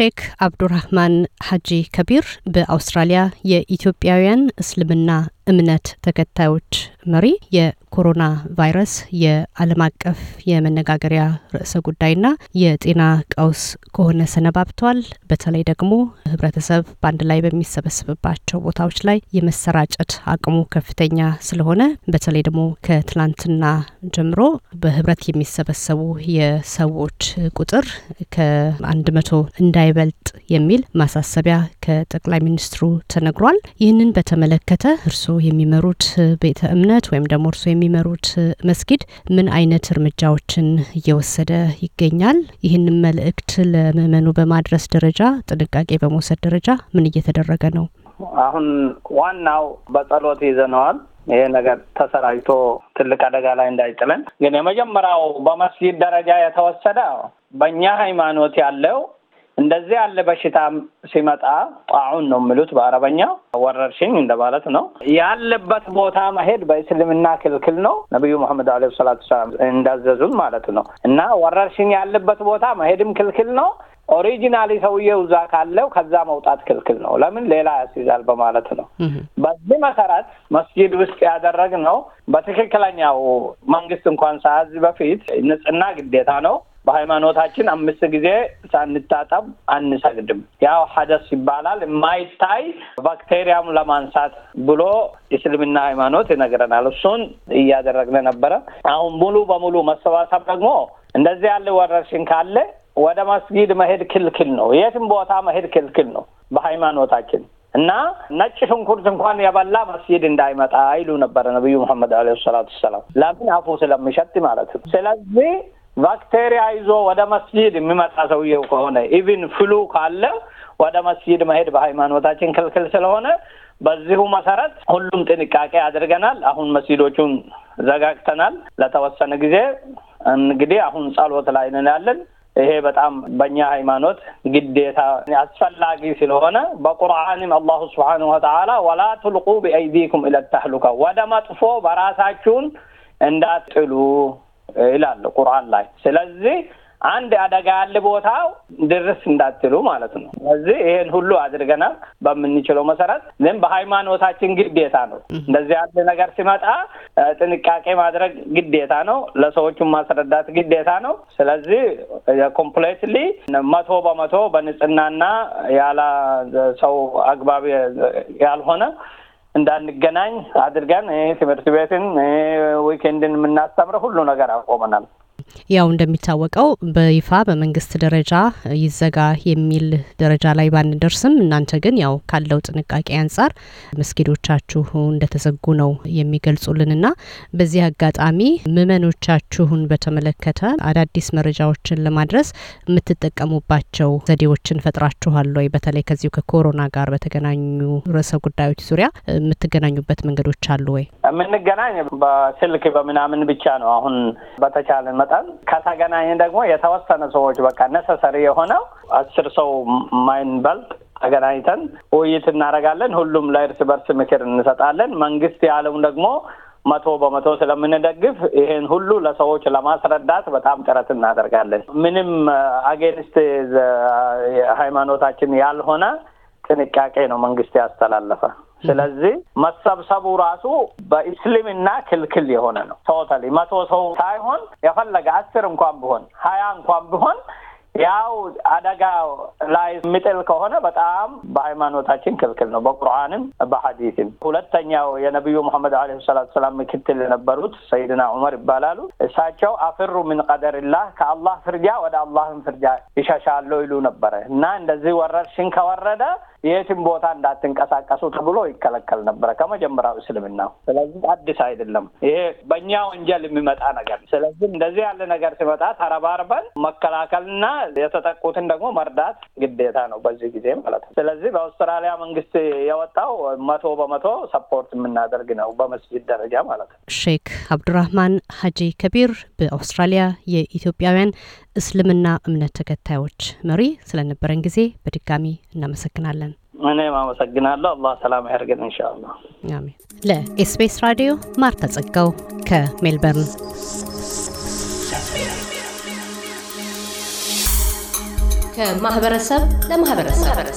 ሼክ አብዱራህማን ሐጂ ከቢር በአውስትራሊያ የኢትዮጵያውያን እስልምና እምነት ተከታዮች መሪ የኮሮና ቫይረስ የዓለም አቀፍ የመነጋገሪያ ርዕሰ ጉዳይና የጤና ቀውስ ከሆነ ሰነባብተዋል። በተለይ ደግሞ ህብረተሰብ በአንድ ላይ በሚሰበሰብባቸው ቦታዎች ላይ የመሰራጨት አቅሙ ከፍተኛ ስለሆነ በተለይ ደግሞ ከትላንትና ጀምሮ በህብረት የሚሰበሰቡ የሰዎች ቁጥር ከአንድ መቶ እንዳይበልጥ የሚል ማሳሰቢያ ከጠቅላይ ሚኒስትሩ ተነግሯል። ይህንን በተመለከተ እርስዎ የሚመሩት ቤተ እምነት ወይም ደግሞ እርስዎ የሚመሩት መስጊድ ምን አይነት እርምጃዎችን እየወሰደ ይገኛል? ይህንን መልእክት ለምእመኑ በማድረስ ደረጃ ጥንቃቄ በመውሰድ ደረጃ ምን እየተደረገ ነው? አሁን ዋናው በጸሎት ይዘነዋል። ይሄ ነገር ተሰራጅቶ ትልቅ አደጋ ላይ እንዳይጥለን። ግን የመጀመሪያው በመስጊድ ደረጃ የተወሰደ በእኛ ሃይማኖት ያለው እንደዚህ ያለ በሽታ ሲመጣ ጣዑን ነው የሚሉት በአረበኛ ወረርሽኝ እንደማለት ነው። ያለበት ቦታ መሄድ በእስልምና ክልክል ነው። ነቢዩ መሐመድ አለይሂ ሰላቱ ሰላም እንዳዘዙን ማለት ነው። እና ወረርሽኝ ያለበት ቦታ መሄድም ክልክል ነው። ኦሪጂናሊ ሰውዬው እዛ ካለው ከዛ መውጣት ክልክል ነው። ለምን ሌላ ያስይዛል በማለት ነው። በዚህ መሰረት መስጂድ ውስጥ ያደረግ ነው በትክክለኛው መንግስት እንኳን ሳያዝ በፊት ንጽህና ግዴታ ነው። በሃይማኖታችን አምስት ጊዜ ሳንታጠብ አንሰግድም። ያው ሀደስ ይባላል የማይታይ ባክቴሪያም ለማንሳት ብሎ እስልምና ሃይማኖት ይነግረናል። እሱን እያደረግን ነበረ። አሁን ሙሉ በሙሉ መሰባሰብ ደግሞ እንደዚህ ያለ ወረርሽኝ ካለ ወደ መስጊድ መሄድ ክልክል ነው። የትም ቦታ መሄድ ክልክል ነው በሃይማኖታችን እና ነጭ ሽንኩርት እንኳን የበላ መስጊድ እንዳይመጣ አይሉ ነበረ ነቢዩ መሐመድ አለ ሰላቱ ሰላም። ለምን አፉ ስለሚሸጥ ማለት ነው። ስለዚህ ባክቴሪያ ይዞ ወደ መስጂድ የሚመጣ ሰውየው ከሆነ ኢቭን ፍሉ ካለ ወደ መስጂድ መሄድ በሃይማኖታችን ክልክል ስለሆነ በዚሁ መሰረት ሁሉም ጥንቃቄ አድርገናል። አሁን መስጂዶቹን ዘጋግተናል ለተወሰነ ጊዜ። እንግዲህ አሁን ጸሎት ላይ ነን ያለን። ይሄ በጣም በእኛ ሃይማኖት ግዴታ አስፈላጊ ስለሆነ በቁርአንም አላሁ ስብሓነሁ ወተዓላ ወላ ቱልቁ ቢአይዲኩም ኢለተህሉካ ወደ መጥፎ በራሳችሁን እንዳትጥሉ ይላል ቁርአን ላይ። ስለዚህ አንድ አደጋ ያለ ቦታው ድርስ እንዳትሉ ማለት ነው። ስለዚህ ይሄን ሁሉ አድርገናል በምንችለው መሰረት። ግን በሃይማኖታችን ግዴታ ነው። እንደዚህ ያለ ነገር ሲመጣ ጥንቃቄ ማድረግ ግዴታ ነው። ለሰዎቹን ማስረዳት ግዴታ ነው። ስለዚህ ኮምፕሌትሊ መቶ በመቶ በንጽህናና ያለ ሰው አግባብ ያልሆነ እንዳንገናኝ አድርገን ትምህርት ቤትን ዊኬንድን የምናስተምረው ሁሉ ነገር አቆመናል። ያው እንደሚታወቀው በይፋ በመንግስት ደረጃ ይዘጋ የሚል ደረጃ ላይ ባንደርስም እናንተ ግን ያው ካለው ጥንቃቄ አንጻር መስጊዶቻችሁ እንደተዘጉ ነው የሚገልጹልንና በዚህ አጋጣሚ ምመኖቻችሁን በተመለከተ አዳዲስ መረጃዎችን ለማድረስ የምትጠቀሙባቸው ዘዴዎችን ፈጥራችኋል ወይ? በተለይ ከዚሁ ከኮሮና ጋር በተገናኙ ርዕሰ ጉዳዮች ዙሪያ የምትገናኙበት መንገዶች አሉ ወይ? የምንገናኝ በስልክ በምናምን ብቻ ነው። አሁን በተቻለን መጣ ይችላል። ከተገናኘን ደግሞ የተወሰነ ሰዎች በቃ ነሰሰሪ የሆነው አስር ሰው ማይንበልጥ ተገናኝተን ውይይት እናደርጋለን። ሁሉም ለእርስ በርስ ምክር እንሰጣለን። መንግስት ያለውን ደግሞ መቶ በመቶ ስለምንደግፍ ይሄን ሁሉ ለሰዎች ለማስረዳት በጣም ጥረት እናደርጋለን። ምንም አጌንስት ሃይማኖታችን ያልሆነ ጥንቃቄ ነው መንግስት ያስተላለፈ። ስለዚህ መሰብሰቡ ራሱ በእስልምና ክልክል የሆነ ነው። ቶታሊ መቶ ሰው ሳይሆን የፈለገ አስር እንኳን ቢሆን ሀያ እንኳን ቢሆን ያው አደጋ ላይ የሚጥል ከሆነ በጣም በሃይማኖታችን ክልክል ነው፣ በቁርአንም በሀዲትም ሁለተኛው የነቢዩ ሙሐመድ አለይሂ ሰላቱ ሰላም ምክትል የነበሩት ሰይድና ዑመር ይባላሉ። እሳቸው አፍሩ ምን ቀደርላህ ከአላህ ፍርጃ ወደ አላህም ፍርጃ ይሸሻሉ ይሉ ነበረ እና እንደዚህ ወረርሽኝ ከወረደ የትም ቦታ እንዳትንቀሳቀሱ ተብሎ ይከለከል ነበረ ከመጀመሪያው እስልምና። ስለዚህ አዲስ አይደለም ይሄ በእኛ ወንጀል የሚመጣ ነገር። ስለዚህ እንደዚህ ያለ ነገር ሲመጣ ተረባርበን መከላከልና የተጠቁትን ደግሞ መርዳት ግዴታ ነው በዚህ ጊዜ ማለት ነው። ስለዚህ በአውስትራሊያ መንግስት የወጣው መቶ በመቶ ሰፖርት የምናደርግ ነው በመስጅድ ደረጃ ማለት ነው። ሼክ አብዱራህማን ሀጂ ከቢር በአውስትራሊያ የኢትዮጵያውያን እስልምና እምነት ተከታዮች መሪ ስለነበረን ጊዜ በድጋሚ እናመሰግናለን። እኔም አመሰግናለሁ። አላህ ሰላም ያርገን እንሻላ አሜን። ለኤስቢኤስ ራዲዮ ማርታ ጸጋው ከሜልበርን ከማህበረሰብ ለማህበረሰብ